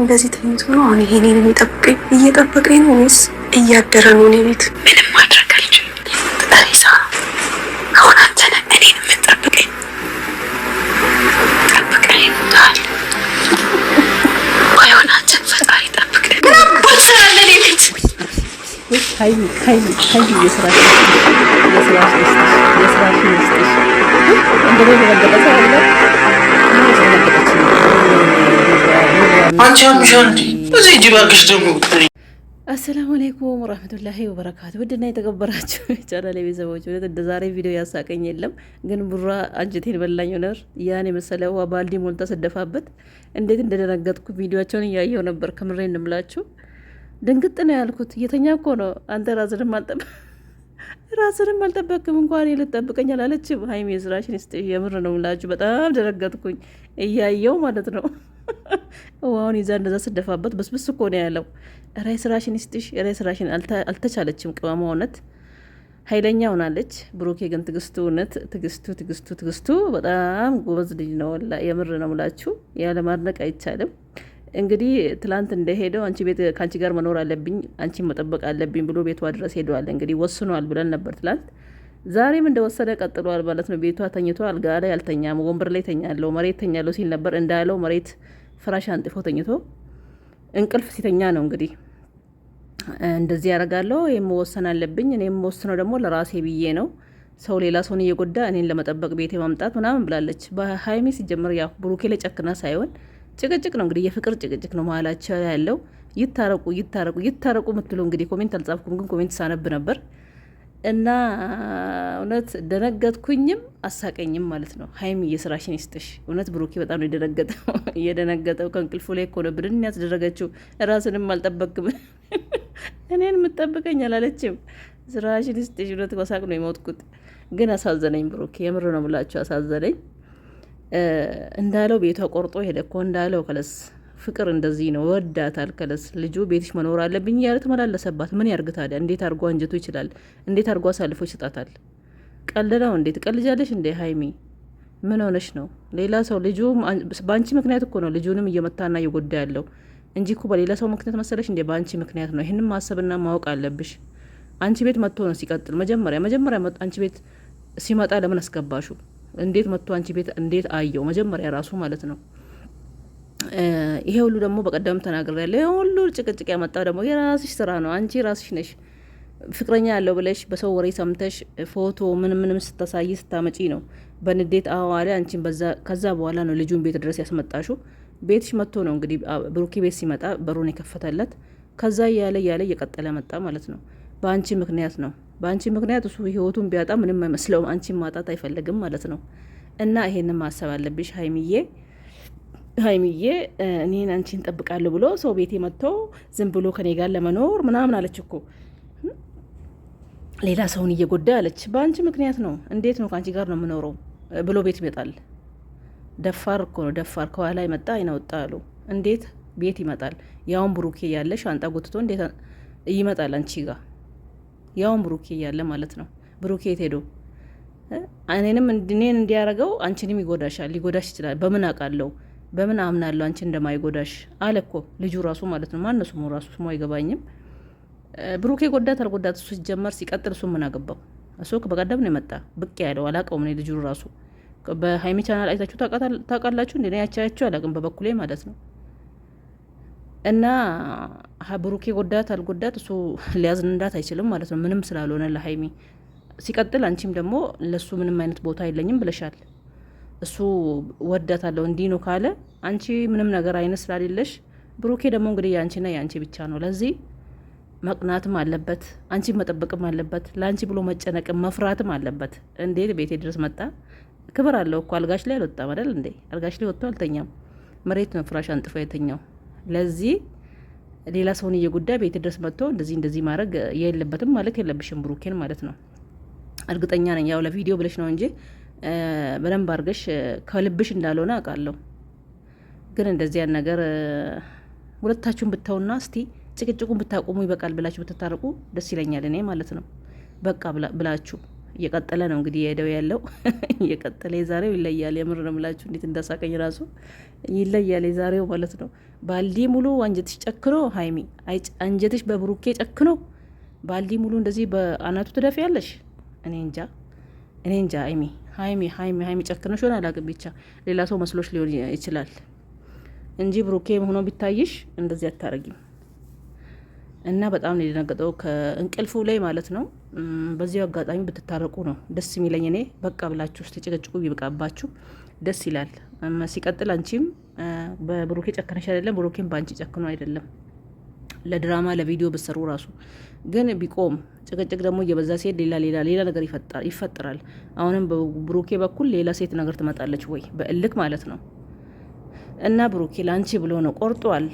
እንደዚህ ተኝቶ ነው አሁን ይሄንን የሚጠብቀኝ? እየጠበቀኝ ነው ወይስ እያደረ ነው? እኔ ቤት ምንም ማድረግ አልችልም። ጠሪሳ አሁን አንተ ነህ እኔን የምትጠብቀኝ። ጠብቀኝ ይሉታል። ባይሆን አንተን ፈጣሪ ጠብቀኝ። ምን አባት ስላለ እኔ ቤት ሀይሉ ሀይሉ ሀይሉ የስራ የስራ ስራ ስራ ስራ ስራ ስራ አሰላሙ አለይኩም ወራህመቱላሂ ወበረካቱ። ውድና የተከበራችሁ የቻናሌ ቤተሰቦች እንደ ዛሬ ቪዲዮ ያሳቀኝ የለም፣ ግን ቡራ አንጀቴን በላኝ። ነር ያን የመሰለ ባልዲ ሞልታ ስደፋበት እንዴት እንደደነገጥኩ ቪዲዮቸውን እያየው ነበር። ከምሬ እንምላችሁ ድንግጥ ነው ያልኩት። የተኛ እኮ ነው አንተ ራስንም አልጠበ ራስንም አልጠበቅም እንኳን እኔ ልጠብቀኝ አላለችም። ሀይሚ የስራሽን ስጥሽ። የምር ነው ምላችሁ፣ በጣም ደረገጥኩኝ እያየው ማለት ነው። ውሃውን ይዛ እንደዛ ስደፋበት በስብስ እኮ ነው ያለው። ራይ ስራሽን ስጥሽ፣ ራይ ስራሽን አልተቻለችም። ቅመማ እውነት ኃይለኛ ሆናለች። ብሩኬ ግን ትግስቱ እውነት ትግስቱ ትግስቱ ትግስቱ በጣም ጎበዝ ልጅ ነው። ወላ የምር ነው ምላችሁ፣ ያለማድነቅ አይቻልም። እንግዲህ ትላንት እንደሄደው አንቺ ቤት ከአንቺ ጋር መኖር አለብኝ አንቺ መጠበቅ አለብኝ ብሎ ቤቷ ድረስ ሄደዋል። እንግዲህ ወስኗል ብለን ነበር ትላንት። ዛሬም እንደወሰደ ቀጥሏል ማለት ነው። ቤቷ ተኝቶ አልጋ ላይ አልተኛም፣ ወንበር ላይ ተኛለው፣ መሬት ተኛለው ሲል ነበር። እንዳለው መሬት ፍራሽ አንጥፎ ተኝቶ እንቅልፍ ሲተኛ ነው እንግዲህ እንደዚህ ያደርጋለሁ። የምወሰን አለብኝ እኔ የምወስነው ደግሞ ለራሴ ብዬ ነው። ሰው ሌላ ሰውን እየጎዳ እኔን ለመጠበቅ ቤቴ ማምጣት ምናምን ብላለች በሀይሜ ሲጀምር ያው ብሩኬ ላይ ጨክና ሳይሆን ጭቅጭቅ ነው እንግዲህ የፍቅር ጭቅጭቅ ነው መሀላቸው ያለው። ይታረቁ ይታረቁ ይታረቁ የምትሉ እንግዲህ ኮሜንት አልጻፍኩም፣ ግን ኮሜንት ሳነብ ነበር እና እውነት ደነገጥኩኝም አሳቀኝም ማለት ነው። ሀይሚ የስራሽን ይስጥሽ። እውነት ብሩኬ በጣም ነው የደነገጠው እየደነገጠው ከእንቅልፉ ላይ እኮ ነው ብድን ያስደረገችው። ራስንም አልጠበቅም እኔን የምጠብቀኝ አላለችም። ስራሽን ይስጥሽ። እውነት ሳቅ ነው የሞትኩት፣ ግን አሳዘነኝ ብሩኬ። የምር ነው ምላቸው አሳዘነኝ። እንዳለው ቤቷ ቆርጦ ሄደ እኮ እንዳለው ከለስ ፍቅር እንደዚህ ነው ወዳታል። ከለስ ልጁ ቤትሽ መኖር አለብኝ እያለ ተመላለሰባት። ምን ያርግ ታዲያ? እንዴት አርጎ አንጀቱ ይችላል? እንዴት አርጎ አሳልፎ ይሰጣታል? ቀልለው እንዴት ቀልጃለሽ እንዴ ሀይሚ? ምን ሆነሽ ነው? ሌላ ሰው ልጁ በአንቺ ምክንያት እኮ ነው ልጁንም እየመታና እየጎዳ ያለው እንጂ እኮ በሌላ ሰው ምክንያት መሰለሽ እንዴ? በአንቺ ምክንያት ነው። ይህንም ማሰብና ማወቅ አለብሽ። አንቺ ቤት መጥቶ ነው ሲቀጥል። መጀመሪያ መጀመሪያ አንቺ ቤት ሲመጣ ለምን አስገባሹ? እንዴት መጥቶ አንቺ ቤት እንዴት አየው መጀመሪያ ራሱ ማለት ነው። ይሄ ሁሉ ደግሞ በቀደም ተናግሬ ያለ ይሄ ሁሉ ጭቅጭቅ ያመጣው ደግሞ የራስሽ ስራ ነው። አንቺ ራስሽ ነሽ ፍቅረኛ ያለው ብለሽ በሰው ወሬ ሰምተሽ ፎቶ ምን ምንም ስታሳይ ስታመጪ ነው በንዴት አዋለ አንቺን። ከዛ በኋላ ነው ልጁን ቤት ድረስ ያስመጣሹ። ቤትሽ መጥቶ ነው እንግዲህ ብሩኪ ቤት ሲመጣ በሩን የከፈተለት። ከዛ እያለ እያለ እየቀጠለ መጣ ማለት ነው። በአንቺ ምክንያት ነው። በአንቺ ምክንያት እሱ ህይወቱን ቢያጣ ምንም አይመስለውም። አንቺን ማጣት አይፈልግም ማለት ነው። እና ይሄንን ማሰብ አለብሽ ሀይሚዬ ሀይሚዬ እኔን አንቺ ጠብቃለሁ ብሎ ሰው ቤቴ መጥቶ ዝም ብሎ ከኔ ጋር ለመኖር ምናምን አለች እኮ ሌላ ሰውን እየጎዳ አለች። በአንቺ ምክንያት ነው። እንዴት ነው ከአንቺ ጋር ነው የምኖረው ብሎ ቤት ይመጣል። ደፋር እኮ ነው ደፋር። ከኋላ መጣ አይናወጣ አሉ። እንዴት ቤት ይመጣል? ያውን ብሩኬ ያለ ሻንጣ ጎትቶ እንዴት ይመጣል አንቺ ጋር ያውም ብሩኬ እያለ ማለት ነው። ብሩኬ የት ሄዶ እኔንም እኔን እንዲያረገው አንቺንም ይጎዳሻል፣ ሊጎዳሽ ይችላል። በምን አውቃለሁ? በምን አምናለሁ? አንቺን እንደማይጎዳሽ አለ እኮ ልጁ ራሱ ማለት ነው። ማነው ስሙ ራሱ? ስሙ አይገባኝም። ብሩኬ ጎዳት አልጎዳት እሱ ሲጀመር፣ ሲቀጥል እሱ ምን አገባው? እሱ በቀደም ነው የመጣ ብቅ ያለው አላውቀውም። እኔ ልጁ ራሱ በሀይሚ ቻናል አይታችሁ ታውቃላችሁ? እንደ ያቻያችሁ አላውቅም፣ በበኩሌ ማለት ነው። እና ብሩኬ ጎዳት አልጎዳት እሱ ሊያዝንዳት አይችልም ማለት ነው፣ ምንም ስላልሆነ ለሀይሚ ሲቀጥል፣ አንቺም ደግሞ ለእሱ ምንም አይነት ቦታ የለኝም ብለሻል። እሱ ወዳታለሁ እንዲህ ነው ካለ አንቺ ምንም ነገር አይነት ስላሌለሽ፣ ብሩኬ ደግሞ እንግዲህ የአንቺና የአንቺ ብቻ ነው። ለዚህ መቅናትም አለበት፣ አንቺ መጠበቅም አለበት፣ ለአንቺ ብሎ መጨነቅም መፍራትም አለበት። እንዴት ቤቴ ድረስ መጣ? ክብር አለው እኮ አልጋሽ ላይ አልወጣም አይደል እንዴ? አልጋሽ ላይ ወጥቶ አልተኛም፣ መሬት ነው ፍራሽ አንጥፎ የተኛው። ለዚህ ሌላ ሰውን እየጎዳ ቤት ድረስ መጥቶ እንደዚህ እንደዚህ ማድረግ የለበትም ማለት የለብሽም ብሩኬን ማለት ነው። እርግጠኛ ነኝ ያው ለቪዲዮ ብለሽ ነው እንጂ በደንብ አድርገሽ ከልብሽ እንዳልሆነ አውቃለሁ። ግን ያን ነገር ሁለታችሁን ብታውና እስቲ ጭቅጭቁን ብታቆሙ ይበቃል ብላችሁ ብትታረቁ ደስ ይለኛል እኔ ማለት ነው። በቃ ብላችሁ እየቀጠለ ነው እንግዲህ የሄደው ያለው እየቀጠለ የዛሬው ይለያል። የምር ነው ምላችሁ እንዴት እንዳሳቀኝ ራሱ ይለያል የዛሬው ማለት ነው። ባልዲ ሙሉ አንጀትሽ ጨክኖ ሀይሚ አንጀትሽ በብሩኬ ጨክኖ ባልዲ ሙሉ እንደዚህ በአናቱ ትደፊ ያለሽ እኔ እንጃ እኔ እንጃ። ሀይሚ ሀይሚ ሀይሚ ሀይሚ ጨክኖሽ ሆነ አላቅም ብቻ ሌላ ሰው መስሎች ሊሆን ይችላል እንጂ ብሩኬ ሆኖ ቢታይሽ እንደዚህ አታረጊም። እና በጣም ነው የደነገጠው ከእንቅልፉ ላይ ማለት ነው። በዚሁ አጋጣሚ ብትታረቁ ነው ደስ የሚለኝ እኔ። በቃ ብላችሁ ውስጥ ጭቅጭቁ ይብቃባችሁ፣ ደስ ይላል። ሲቀጥል አንቺም በብሩኬ ጨክነሽ አይደለም፣ ብሩኬም በአንቺ ጨክኖ አይደለም። ለድራማ ለቪዲዮ ብሰሩ ራሱ ግን ቢቆም ጭቅጭቅ ደግሞ እየበዛ ሲሄድ ሌላ ሌላ ሌላ ነገር ይፈጠራል። አሁንም በብሩኬ በኩል ሌላ ሴት ነገር ትመጣለች ወይ በእልክ ማለት ነው። እና ብሩኬ ለአንቺ ብሎ ነው ቆርጧል።